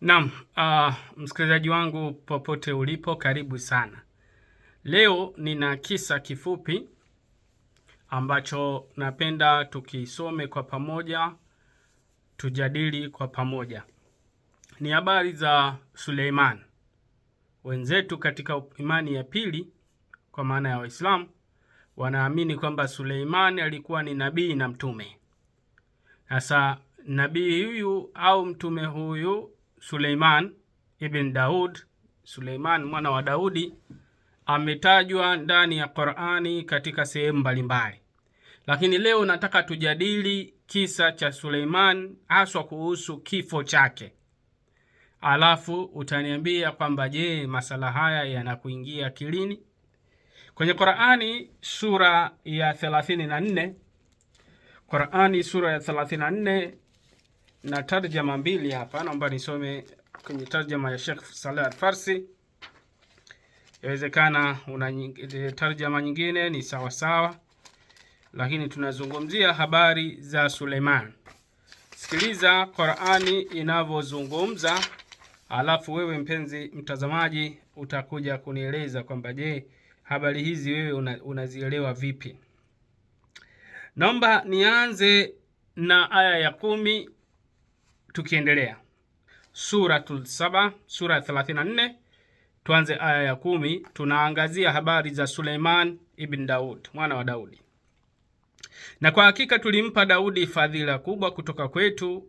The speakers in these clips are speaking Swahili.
Naam, uh, msikilizaji wangu popote ulipo, karibu sana. Leo nina kisa kifupi ambacho napenda tukisome kwa pamoja, tujadili kwa pamoja. Ni habari za Suleiman. Wenzetu katika imani ya pili kwa maana ya Waislamu wanaamini kwamba Suleiman alikuwa ni nabii na mtume. Sasa nabii huyu au mtume huyu Suleiman ibn Daud, Suleiman mwana wa Daudi ametajwa ndani ya Qur'ani katika sehemu mbalimbali, lakini leo nataka tujadili kisa cha Suleiman haswa kuhusu kifo chake, alafu utaniambia kwamba je, masala haya yanakuingia kilini Kwenye Qur'ani sura ya 34, Qur'ani sura ya 34 na tarjama mbili hapa, naomba nisome kwenye tarjama ya Sheikh Saleh Al-Farsi. Inawezekana una eh, tarjama nyingine ni sawa sawa, lakini tunazungumzia habari za Suleiman. Sikiliza Qur'ani inavyozungumza, alafu wewe mpenzi mtazamaji utakuja kunieleza kwamba je, habari hizi wewe unazielewa una vipi? Naomba nianze na aya ya kumi Tukiendelea Suratul Saba, sura ya 34, tuanze aya ya kumi. Tunaangazia habari za Suleiman ibn Daud, mwana wa Daudi. Na kwa hakika tulimpa Daudi fadhila kubwa kutoka kwetu,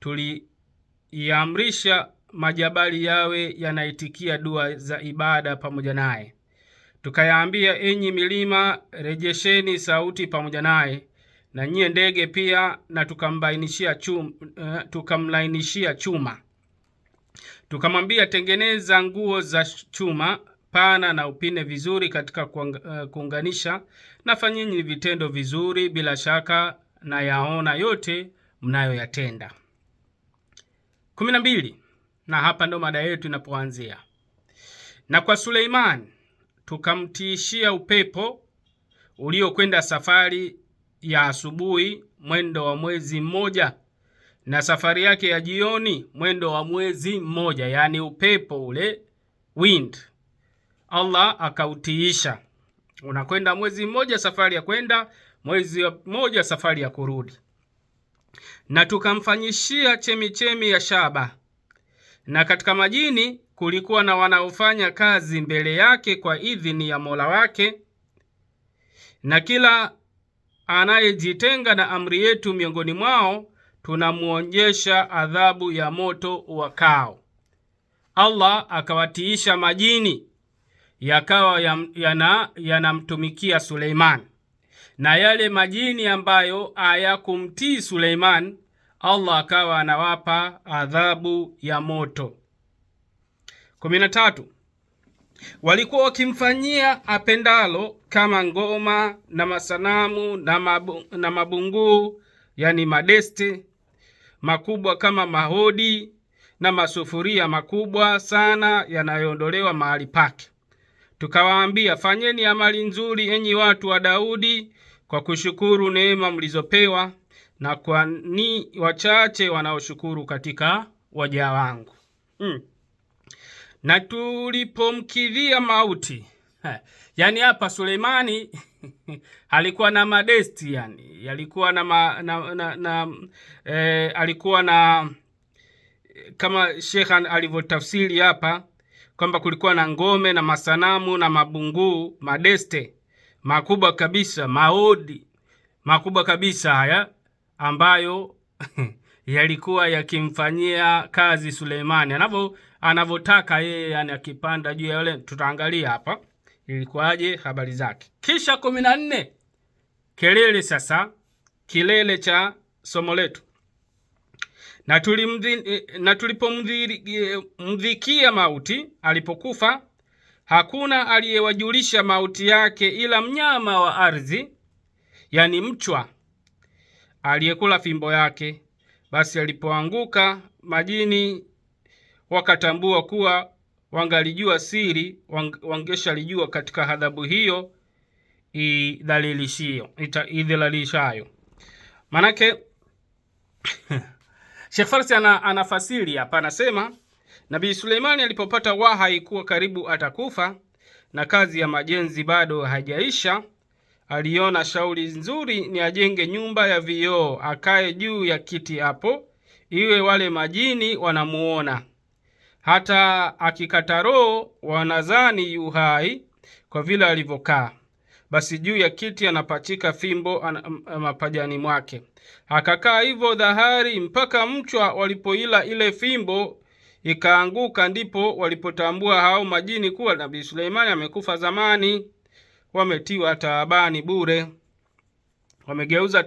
tuliiamrisha majabali yawe yanaitikia dua za ibada pamoja naye, tukayaambia, enyi milima, rejesheni sauti pamoja naye na nyie ndege pia, na tukamlainishia chuma, uh, eh, tukamlainishia chuma tukamwambia, tengeneza nguo za chuma pana na upine vizuri katika eh, kuunganisha, na fanyeni vitendo vizuri, bila shaka na yaona yote mnayoyatenda. kumi na mbili. Na hapa ndo mada yetu inapoanzia. Na kwa Suleimani tukamtiishia upepo uliokwenda safari ya asubuhi mwendo wa mwezi mmoja na safari yake ya jioni mwendo wa mwezi mmoja, yaani upepo ule wind, Allah akautiisha. Unakwenda mwezi mmoja safari ya kwenda, mwezi mmoja safari ya kurudi. Na tukamfanyishia chemichemi ya shaba, na katika majini kulikuwa na wanaofanya kazi mbele yake kwa idhini ya Mola wake, na kila anayejitenga na amri yetu miongoni mwao tunamwonjesha adhabu ya moto wakao. Allah akawatiisha majini yakawa yanamtumikia yana Suleimani, na yale majini ambayo hayakumtii Suleimani Allah akawa anawapa adhabu ya moto. kumi na tatu walikuwa wakimfanyia apendalo kama ngoma na masanamu na, mabu, na mabunguu yani madeste makubwa kama mahodi na masufuria makubwa sana yanayoondolewa mahali pake. Tukawaambia, fanyeni amali nzuri, enyi watu wa Daudi, kwa kushukuru neema mlizopewa, na kwani wachache wanaoshukuru katika waja wangu. hmm na tulipomkilia mauti. Ha, yani hapa Suleimani alikuwa na madesti yani, alikuwa na, ma, na, na, na e, alikuwa na kama Sheikh alivyotafsiri hapa kwamba kulikuwa na ngome na masanamu na mabunguu madeste makubwa kabisa, maodi makubwa kabisa haya ambayo yalikuwa yakimfanyia kazi Suleimani anavyo anavyotaka yeye, yani akipanda juu ya yule. Tutaangalia hapa ilikuwaje habari zake. Kisha kumi na nne, kelele sasa, kilele cha somo letu na tulimdhi, na tulipomdhikia eh, mauti alipokufa, hakuna aliyewajulisha mauti yake ila mnyama wa ardhi, yani mchwa aliyekula fimbo yake. Basi alipoanguka majini wakatambua kuwa wangalijua siri wangeshalijua katika adhabu hiyo idhalilishayo. Manake Sheikh Farsi ana, anafasiri hapa, anasema Nabii Suleimani alipopata wahai kuwa karibu atakufa na kazi ya majenzi bado hajaisha, aliona shauri nzuri ni ajenge nyumba ya vioo, akae juu ya kiti hapo, iwe wale majini wanamuona hata akikata roho wanadhani yu hai kwa vile alivyokaa. Basi juu ya kiti anapachika fimbo mapajani mwake. Akakaa hivyo dhahari mpaka mchwa, walipoila ile fimbo ikaanguka, ndipo walipotambua hao majini kuwa nabii Suleimani amekufa zamani. Wametiwa taabani bure, wamegeuza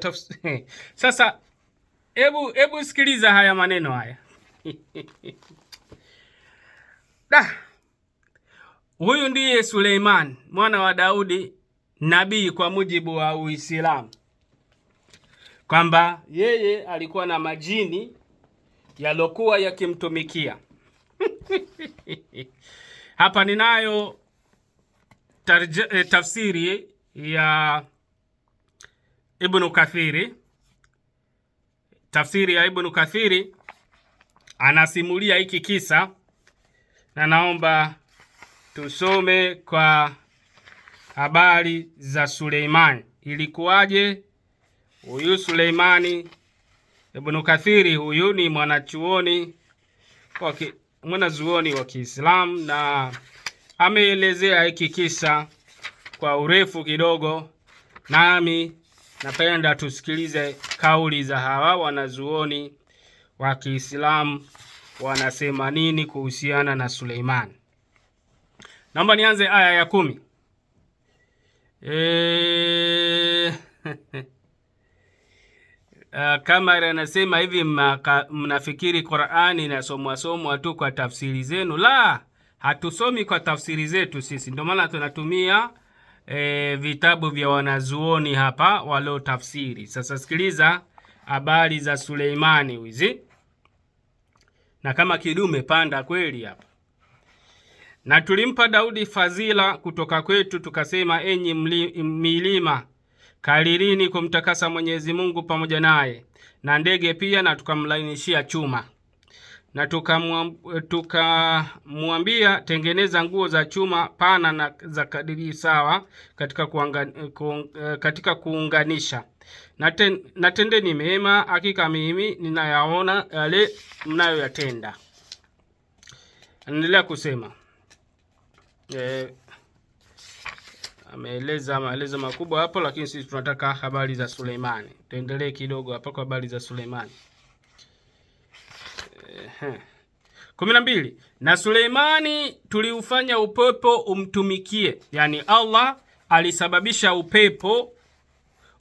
Sasa hebu hebu sikiliza haya maneno haya Da, huyu ndiye Suleiman mwana wa Daudi nabii kwa mujibu wa Uislamu, kwamba yeye alikuwa na majini yalokuwa yakimtumikia. Hapa ninayo tarje, eh, tafsiri ya Ibnu Kathiri. Tafsiri ya Ibnu Kathiri anasimulia hiki kisa na naomba tusome kwa habari za Suleimani. Ilikuwaje huyu Suleimani? Ibnu Kathiri huyu ni mwanachuoni mwanazuoni wa Kiislamu na ameelezea hiki kisa kwa urefu kidogo, nami napenda tusikilize kauli za hawa wanazuoni wa Kiislamu wanasema nini kuhusiana na Suleiman. Naomba nianze aya ya kumi. E... Eh, eh, Kamari anasema hivi, mnafikiri Qur'ani inasomwasomwa tu kwa tafsiri zenu? La, hatusomi kwa tafsiri zetu sisi, ndio maana tunatumia e, vitabu vya wanazuoni hapa walio tafsiri. Sasa sikiliza habari za Suleimani wizi na kama kidume panda kweli hapa. Na tulimpa Daudi fadhila kutoka kwetu, tukasema, enyi milima kalirini kumtakasa Mwenyezi Mungu pamoja naye na ndege pia, na tukamlainishia chuma na tukamwambia tengeneza nguo za chuma pana na za kadiri sawa katika, kuanga, ku, katika kuunganisha natendeni mema, hakika mimi ninayaona yale mnayoyatenda. Anaendelea kusema e, ameeleza maelezo makubwa hapo, lakini sisi tunataka habari za Suleimani. Tuendelee kidogo hapo kwa habari za Suleimani. Ehe. Kumi na mbili, na Suleimani tuliufanya upepo umtumikie, yani Allah alisababisha upepo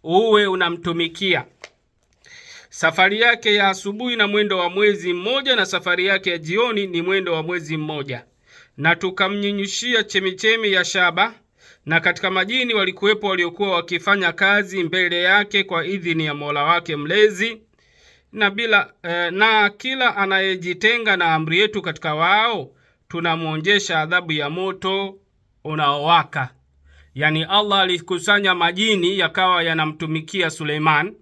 uwe unamtumikia. Safari yake ya asubuhi na mwendo wa mwezi mmoja, na safari yake ya jioni ni mwendo wa mwezi mmoja. Na tukamnyunyushia chemichemi ya shaba, na katika majini walikuwepo waliokuwa wakifanya kazi mbele yake kwa idhini ya Mola wake Mlezi. Na bila eh, na kila anayejitenga na amri yetu katika wao tunamwonjesha adhabu ya moto unaowaka yani Allah alikusanya majini yakawa yanamtumikia Suleiman,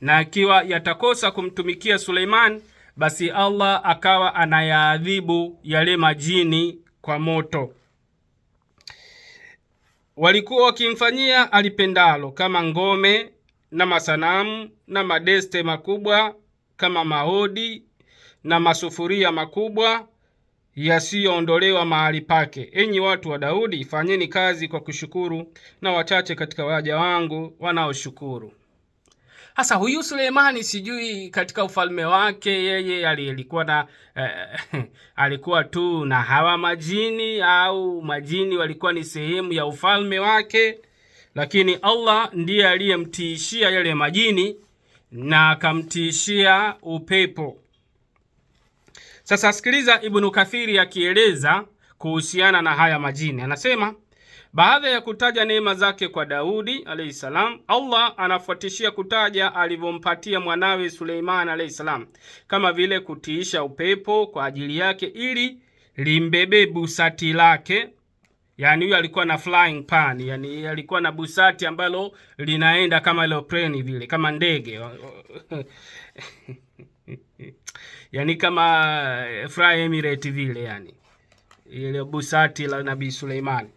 na akiwa yatakosa kumtumikia Suleiman, basi Allah akawa anayaadhibu yale majini kwa moto. Walikuwa wakimfanyia alipendalo, kama ngome na masanamu na madeste makubwa kama mahodi na masufuria makubwa yasiyoondolewa mahali pake. Enyi watu wa Daudi, fanyeni kazi kwa kushukuru, na wachache katika waja wangu wanaoshukuru. Hasa huyu Sulemani, sijui katika ufalme wake yeye alikuwa na eh, alikuwa tu na hawa majini au majini walikuwa ni sehemu ya ufalme wake, lakini Allah ndiye aliyemtiishia yale majini na akamtiishia upepo. Sasa sikiliza Ibnu Kathiri akieleza kuhusiana na haya majini, anasema baada ya kutaja neema zake kwa Daudi alayhi salam, Allah anafuatishia kutaja alivyompatia mwanawe Suleiman alayhi salam, kama vile kutiisha upepo kwa ajili yake ili limbebe busati lake. Yani huyo alikuwa na flying pan, yani alikuwa na busati ambalo linaenda kama aeroplane vile, kama ndege yani kama eh, Fly Emirate vile, yani ile busati la Nabii suleiman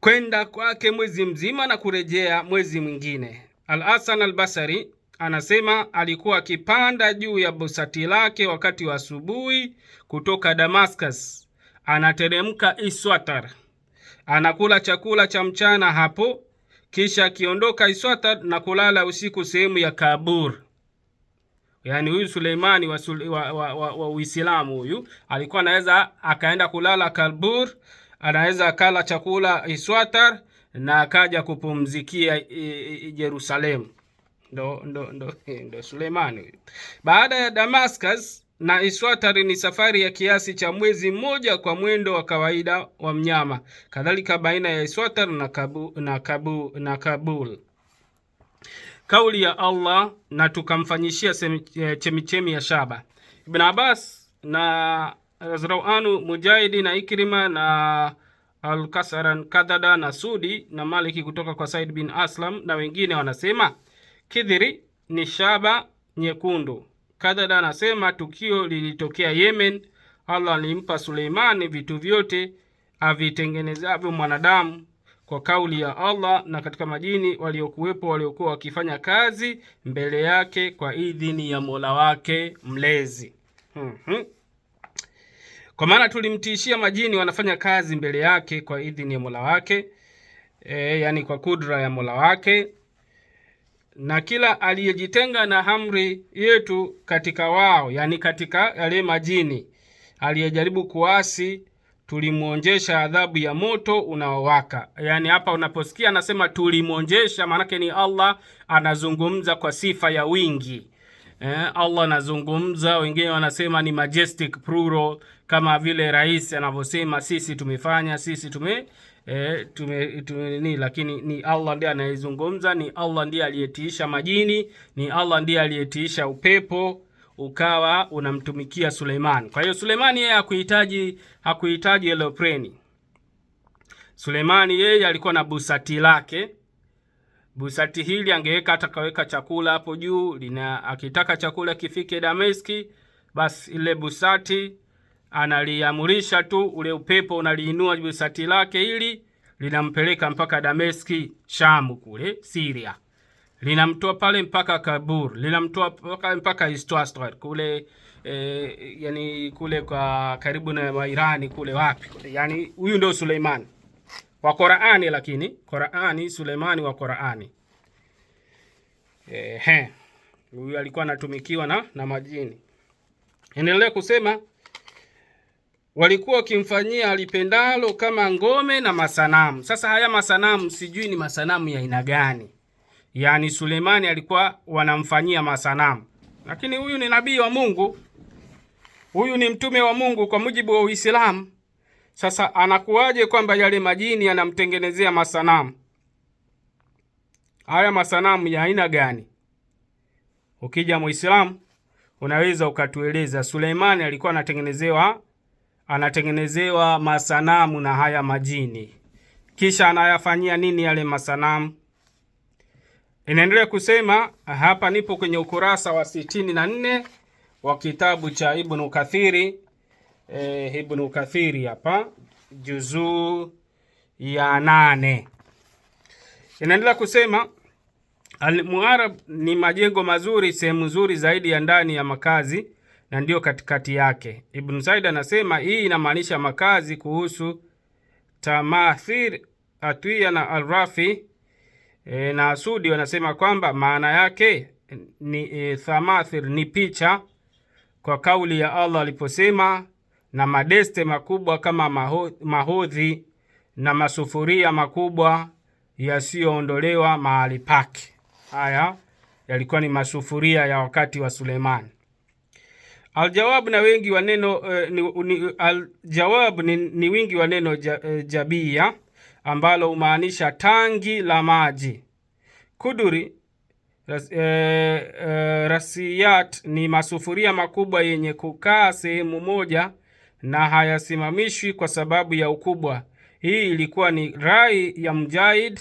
kwenda kwake mwezi mzima na kurejea mwezi mwingine. Al-Hasan al-Basri anasema alikuwa akipanda juu ya busati lake wakati wa asubuhi kutoka Damascus, anateremka Iswatar, anakula chakula cha mchana hapo, kisha akiondoka Iswatar na kulala usiku sehemu ya Kabur. Yaani huyu Suleimani wa, wa, wa, wa, Uislamu huyu alikuwa anaweza akaenda kulala Kalbur, anaweza akala chakula Iswatar na akaja kupumzikia Yerusalemu. Ndo, ndo, ndo, ndo Suleimani huyu. Baada ya Damascus na Iswatari ni safari ya kiasi cha mwezi mmoja kwa mwendo wa kawaida wa mnyama, kadhalika baina ya Iswatar na kabu, na kabu, na Kabul kauli ya Allah na tukamfanyishia eh, chemichemi ya shaba. Ibn Abbas na Razrawanu, Mujahidi na Ikrima na Alkasaran Kadhada na Sudi na Maliki kutoka kwa Said bin Aslam na wengine wanasema kidhiri ni shaba nyekundu. Kadhada anasema tukio lilitokea Yemen. Allah alimpa Suleimani vitu vyote avitengenezavyo mwanadamu kwa kauli ya Allah na katika majini waliokuwepo waliokuwa wakifanya kazi mbele yake kwa idhini ya Mola wake mlezi. mm -hmm. Kwa maana tulimtishia majini wanafanya kazi mbele yake kwa idhini ya Mola wake e, yani kwa kudra ya Mola wake na kila aliyejitenga na amri yetu katika wao, yani katika yale majini aliyejaribu kuasi tulimwonjesha adhabu ya moto unaowaka. Yaani hapa unaposikia anasema tulimwonjesha, maanake ni Allah anazungumza kwa sifa ya wingi. Eh, Allah anazungumza, wengine wanasema ni majestic plural, kama vile rais anavyosema sisi tumefanya, sisi tume eh, tume, tume ni, lakini ni Allah ndiye anayezungumza, ni Allah ndiye aliyetiisha majini, ni Allah ndiye aliyetiisha upepo ukawa unamtumikia Suleimani. Kwa hiyo Suleimani yeye hakuhitaji hakuhitaji elopreni. Suleimani yeye alikuwa na busati lake. Busati hili angeweka hata kaweka chakula hapo juu, lina akitaka chakula kifike Dameski, basi ile busati analiamurisha tu, ule upepo unaliinua busati lake ili linampeleka mpaka Dameski, Shamu kule Syria linamtoa pale mpaka kabur linamtoa mpaka mpaka Istwastwa kule e, yani kule kwa karibu na wairani kule wapi kule, yani huyu ndio Suleimani wa Qur'ani, lakini Qur'ani Suleimani wa Qur'ani ehe, eh, huyu alikuwa anatumikiwa na, na majini. Endelea kusema walikuwa wakimfanyia alipendalo kama ngome na masanamu. Sasa haya masanamu sijui ni masanamu ya aina gani? yani Sulemani alikuwa wanamfanyia masanamu, lakini huyu ni nabii wa Mungu, huyu ni mtume wa Mungu kwa mujibu wa Uislamu. Sasa anakuwaje kwamba yale majini yanamtengenezea masanamu? Haya masanamu ya aina gani? Ukija Muislamu unaweza ukatueleza, Suleimani alikuwa anatengenezewa anatengenezewa masanamu na haya majini, kisha anayafanyia nini yale masanamu? Inaendelea kusema hapa, nipo kwenye ukurasa wa sitini na nne wa kitabu cha Ibn Kathiri e, Ibn Kathiri hapa juzuu ya nane inaendelea kusema Almuarab ni majengo mazuri, sehemu nzuri zaidi ya ndani ya makazi na ndiyo katikati yake. Ibn Said anasema hii inamaanisha makazi. Kuhusu Tamathir Atwia na Alrafi e, na Sudi wanasema kwamba maana yake ni e, thamathir ni picha, kwa kauli ya Allah aliposema, na madeste makubwa kama mahodhi na masufuria makubwa yasiyoondolewa mahali pake. Haya yalikuwa ni masufuria ya wakati wa Suleimani. Aljawabu na wengi wa neno eh, ni, ni, aljawabu ni, ni wingi wa neno ja, eh, jabia ambalo humaanisha tangi la maji. Kuduri ras, e, eh, e, eh, rasiyat ni masufuria makubwa yenye kukaa sehemu moja na hayasimamishwi kwa sababu ya ukubwa. Hii ilikuwa ni rai ya Mujahid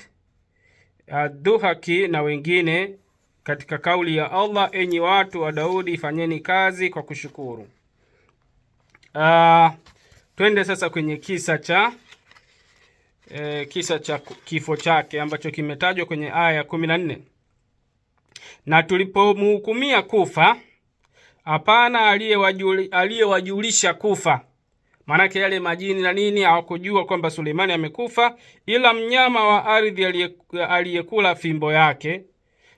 Adhuhaki na wengine katika kauli ya Allah, enyi watu wa Daudi, fanyeni kazi kwa kushukuru. Uh, twende sasa kwenye kisa cha e, kisa cha kifo chake ambacho kimetajwa kwenye aya ya kumi na nne na tulipomhukumia kufa hapana aliyewajulisha kufa. Maanake yale majini na nini hawakujua kwamba Suleimani amekufa, ila mnyama wa ardhi aliyekula fimbo yake.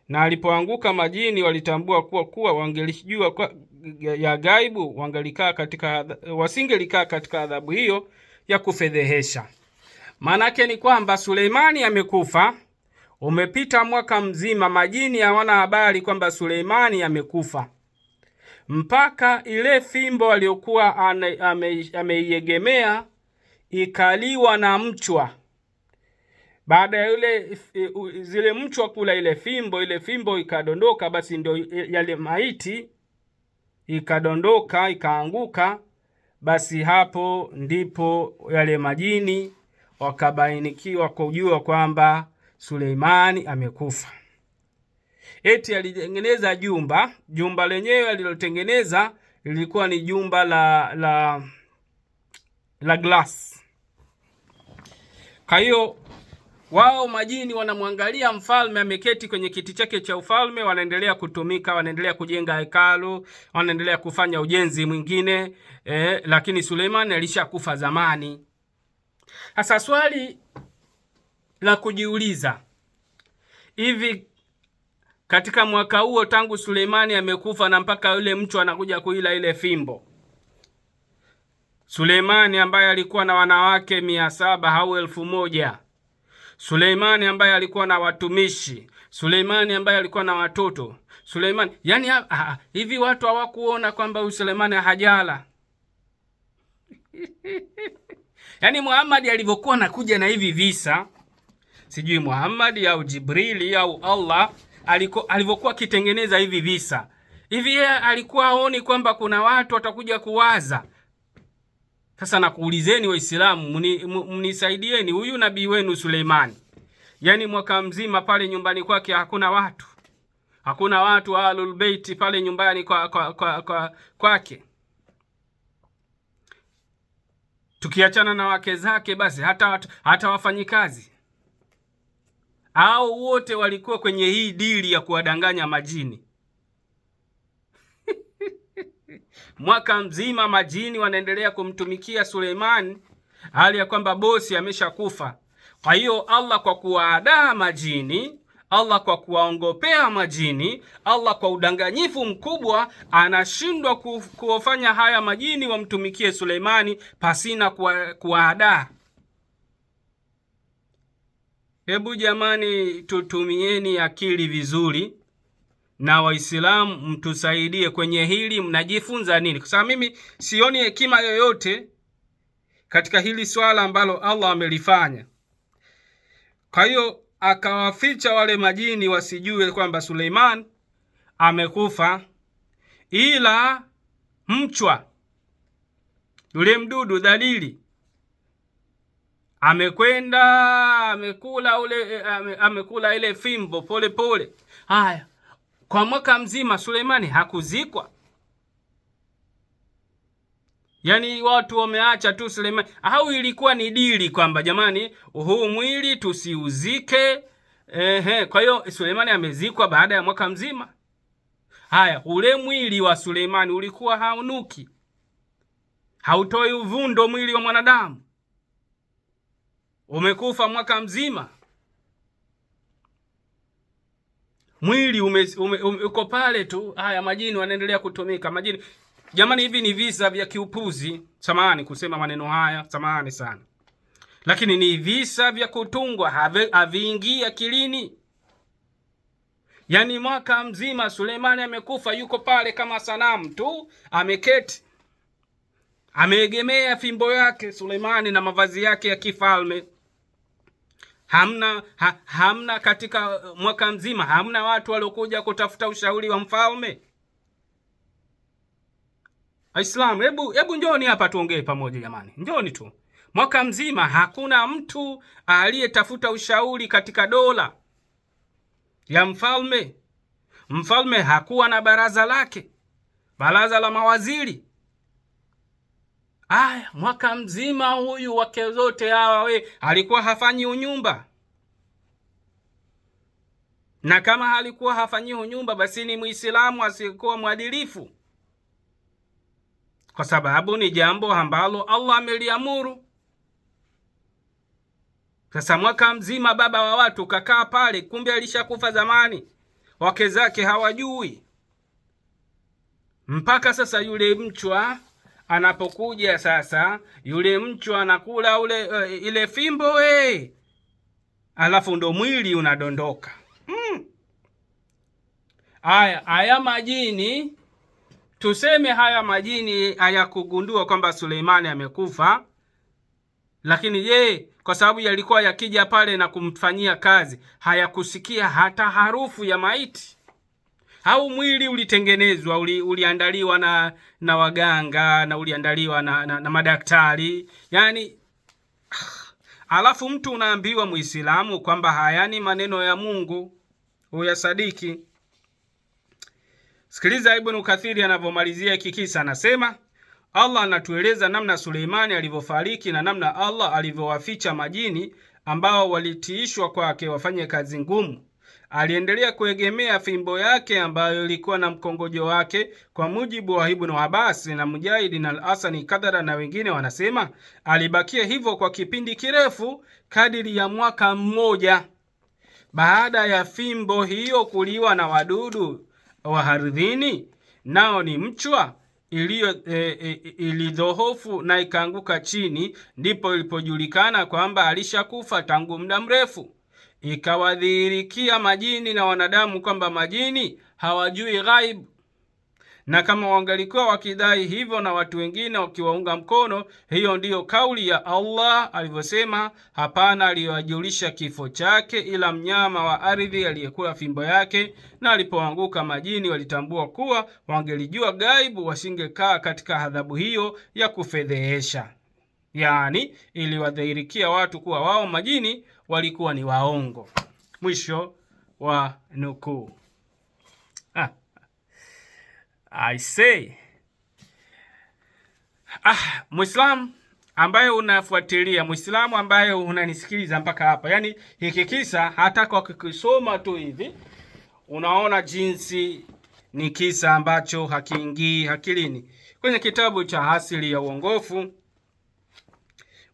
Na alipoanguka majini walitambua kuwa kuwa wangelijua kwa ya gaibu katika, wasingelikaa katika adhabu hiyo ya kufedhehesha. Maanake ni kwamba Suleimani amekufa, umepita mwaka mzima, majini hawana habari kwamba Suleimani amekufa, mpaka ile fimbo aliyokuwa ameiegemea ame ikaliwa na mchwa. Baada ya yule e, zile mchwa kula ile fimbo, ile fimbo ikadondoka, basi ndio yale maiti ikadondoka, ikaanguka. Basi hapo ndipo yale majini wakabainikiwa kujua kwamba Suleimani amekufa. Eti alitengeneza jumba, jumba lenyewe alilotengeneza lilikuwa ni jumba la la la glass. Kwa hiyo wao majini wanamwangalia mfalme ameketi kwenye kiti chake cha ufalme, wanaendelea kutumika, wanaendelea kujenga hekalu, wanaendelea kufanya ujenzi mwingine eh, lakini Suleimani alishakufa zamani hasa swali la kujiuliza, hivi katika mwaka huo tangu Suleimani amekufa na mpaka yule mchu anakuja kuila ile fimbo, Suleimani ambaye alikuwa na wanawake mia saba au elfu moja Suleimani ambaye alikuwa na watumishi, Suleimani ambaye alikuwa na watoto, Suleimani yani ha, ha, hivi watu hawakuona kwamba huyu Suleimani hajala Yaani Muhammad alivyokuwa anakuja na hivi visa, sijui Muhammad au Jibrili au Allah alivyokuwa akitengeneza hivi visa hivi, yeye alikuwa aoni kwamba kuna watu watakuja kuwaza. Sasa nakuulizeni Waislamu, mnisaidieni, huyu nabii wenu Suleimani, yaani mwaka mzima pale nyumbani kwake hakuna watu, hakuna watu wa Ahlul Bait pale nyumbani kwa kwa, kwa, kwa, kwa, tukiachana na wake zake, basi hata, hata wafanyikazi au wote walikuwa kwenye hii dili ya kuwadanganya majini mwaka mzima majini wanaendelea kumtumikia Suleimani hali ya kwamba bosi ameshakufa. Kwa hiyo Allah kwa kuwaadaa majini Allah kwa kuwaongopea majini, Allah kwa udanganyifu mkubwa anashindwa kuwafanya haya majini wamtumikie Suleimani pasina kuwaadaa. Hebu jamani, tutumieni akili vizuri na Waislamu mtusaidie kwenye hili. Mnajifunza nini? Kwa sababu mimi sioni hekima yoyote katika hili swala ambalo Allah amelifanya. Kwa hiyo akawaficha wale majini wasijue kwamba Suleiman amekufa, ila mchwa yule mdudu dhalili amekwenda amekula ule ame, amekula ile fimbo pole pole. Haya, kwa mwaka mzima Suleimani hakuzikwa, Yaani watu wameacha tu Suleimani, au ilikuwa ni dili kwamba jamani, huu mwili tusiuzike. Ehe, kwa hiyo sulemani amezikwa baada ya mwaka mzima. Haya, ule mwili wa Suleimani ulikuwa haunuki, hautoi uvundo. Mwili wa mwanadamu umekufa mwaka mzima, mwili ume, ume, ume, uko pale tu. Haya, majini wanaendelea kutumika majini Jamani, hivi ni visa vya kiupuzi. Samahani kusema maneno haya, samahani sana, lakini ni visa vya kutungwa, haviingii akilini. Yaani mwaka mzima Suleimani amekufa, yuko pale kama sanamu tu, ameketi ameegemea fimbo yake Suleimani na mavazi yake ya kifalme. Hamna ha, hamna katika mwaka mzima hamna watu waliokuja kutafuta ushauri wa mfalme. Waislamu, hebu hebu njoni hapa tuongee pamoja jamani, njoni tu. Mwaka mzima hakuna mtu aliyetafuta ushauri katika dola ya mfalme. Mfalme hakuwa na baraza lake, baraza la mawaziri. Aya, mwaka mzima huyu wake zote hawa we, alikuwa hafanyi unyumba na kama alikuwa hafanyi unyumba, basi ni Muislamu asiyekuwa mwadilifu kwa sababu ni jambo ambalo Allah ameliamuru. Sasa mwaka mzima baba wa watu kakaa pale, kumbe alishakufa zamani, wake zake hawajui mpaka sasa yule mchwa anapokuja sasa, yule mchwa anakula ule uh, ile fimbo we, eh. alafu ndo mwili unadondoka. Mm. aya aya majini tuseme haya majini hayakugundua kwamba Suleimani amekufa, lakini je, kwa sababu yalikuwa yakija pale na kumfanyia kazi, hayakusikia hata harufu ya maiti? Au mwili ulitengenezwa, uli, uliandaliwa na na waganga na uliandaliwa na, na, na madaktari yani ah, alafu mtu unaambiwa Muislamu kwamba hayani maneno ya Mungu sadiki Sikiliza Ibnu Kathiri anavyomalizia hiki kisa, anasema Allah anatueleza namna Suleimani alivyofariki na namna Allah alivyowaficha majini ambao walitiishwa kwake wafanye kazi ngumu. Aliendelea kuegemea fimbo yake ambayo ilikuwa na mkongojo wake. Kwa mujibu wa Ibnu Abbas na Mujahid na al asani Kadhara na wengine wanasema alibakia hivyo kwa kipindi kirefu kadiri ya mwaka mmoja. Baada ya fimbo hiyo kuliwa na wadudu wa ardhini, nao ni mchwa iliyo e, e, ilidhohofu na ikaanguka chini, ndipo ilipojulikana kwamba alishakufa tangu muda mrefu. Ikawadhihirikia majini na wanadamu kwamba majini hawajui ghaibu na kama wangalikuwa wakidai hivyo na watu wengine wakiwaunga mkono, hiyo ndiyo kauli ya Allah alivyosema, hapana aliyoajulisha kifo chake ila mnyama wa ardhi aliyekula fimbo yake, na alipoanguka majini walitambua kuwa wangelijua gaibu wasingekaa katika adhabu hiyo ya kufedhehesha. Yaani, iliwadhihirikia watu kuwa wao majini walikuwa ni waongo. Mwisho wa nukuu. Ah. I say. Ah, Muislamu ambaye unafuatilia, Muislamu ambaye unanisikiliza mpaka hapa, yaani hiki kisa hata kwa kukisoma tu hivi unaona jinsi ni kisa ambacho hakiingii akilini. Kwenye kitabu cha Asili ya Uongofu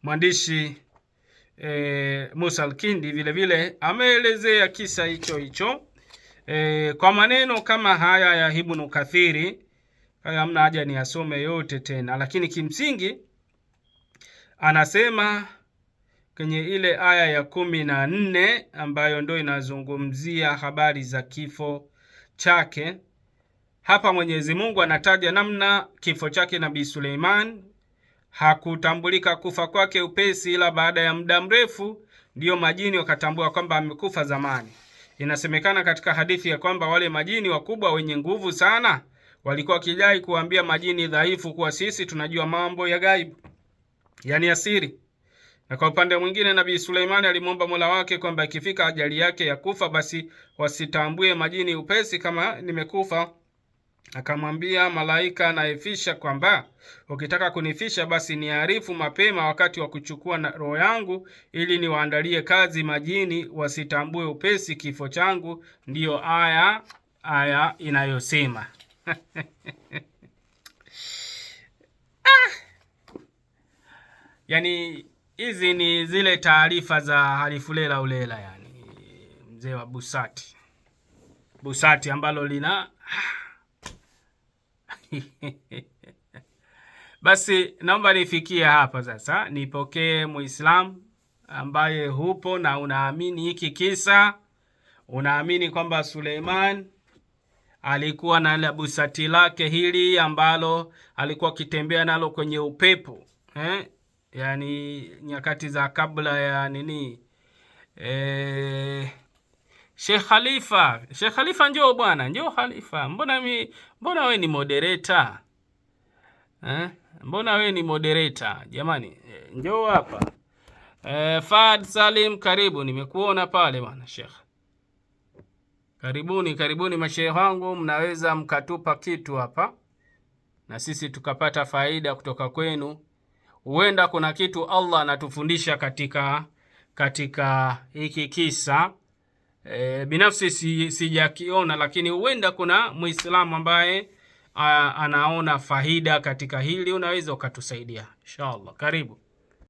mwandishi eh, Musa Al-Kindi vile vile ameelezea kisa hicho hicho E, kwa maneno kama haya ya Ibnu Kathiri hamna haja ni asome yote tena, lakini kimsingi anasema kwenye ile aya ya kumi na nne ambayo ndo inazungumzia habari za kifo chake. Hapa Mwenyezi Mungu anataja namna kifo chake Nabii Suleiman hakutambulika kufa kwake upesi, ila baada ya muda mrefu ndiyo majini wakatambua kwamba amekufa zamani. Inasemekana katika hadithi ya kwamba wale majini wakubwa wenye nguvu sana walikuwa wakijai kuambia majini dhaifu kuwa sisi tunajua mambo ya yani ya asiri. Na kwa upande mwingine, Nabii Suleimani alimwomba Mola wake kwamba ikifika ajali yake ya kufa, basi wasitambue majini upesi kama nimekufa. Akamwambia malaika anayefisha kwamba ukitaka kunifisha basi niarifu mapema wakati wa kuchukua na roho yangu, ili niwaandalie kazi majini, wasitambue upesi kifo changu. Ndiyo aya aya inayosema ah! Yani hizi ni zile taarifa za lela ulela, yani mzee wa Busati Busati ambalo lina ah! Basi naomba nifikie hapa sasa, nipokee Muislamu ambaye hupo na unaamini hiki kisa, unaamini kwamba Suleiman alikuwa na la busati lake hili ambalo alikuwa akitembea nalo kwenye upepo eh? Yani nyakati za kabla ya nini eh... Sheikh Khalifa, Sheikh Khalifa njoo bwana, njoo Khalifa. Mbona mi, mbona we ni moderator? Eh? Mbona we ni moderator? Jamani, eh, njoo hapa. Eh, Fad Salim karibu, nimekuona pale bwana Sheikh. Karibuni, karibuni mashehe wangu, mnaweza mkatupa kitu hapa na sisi tukapata faida kutoka kwenu. Huenda kuna kitu Allah anatufundisha katika katika hiki kisa e, binafsi si, sijakiona, lakini huenda kuna Muislamu ambaye anaona faida katika hili, unaweza ukatusaidia inshallah. Karibu.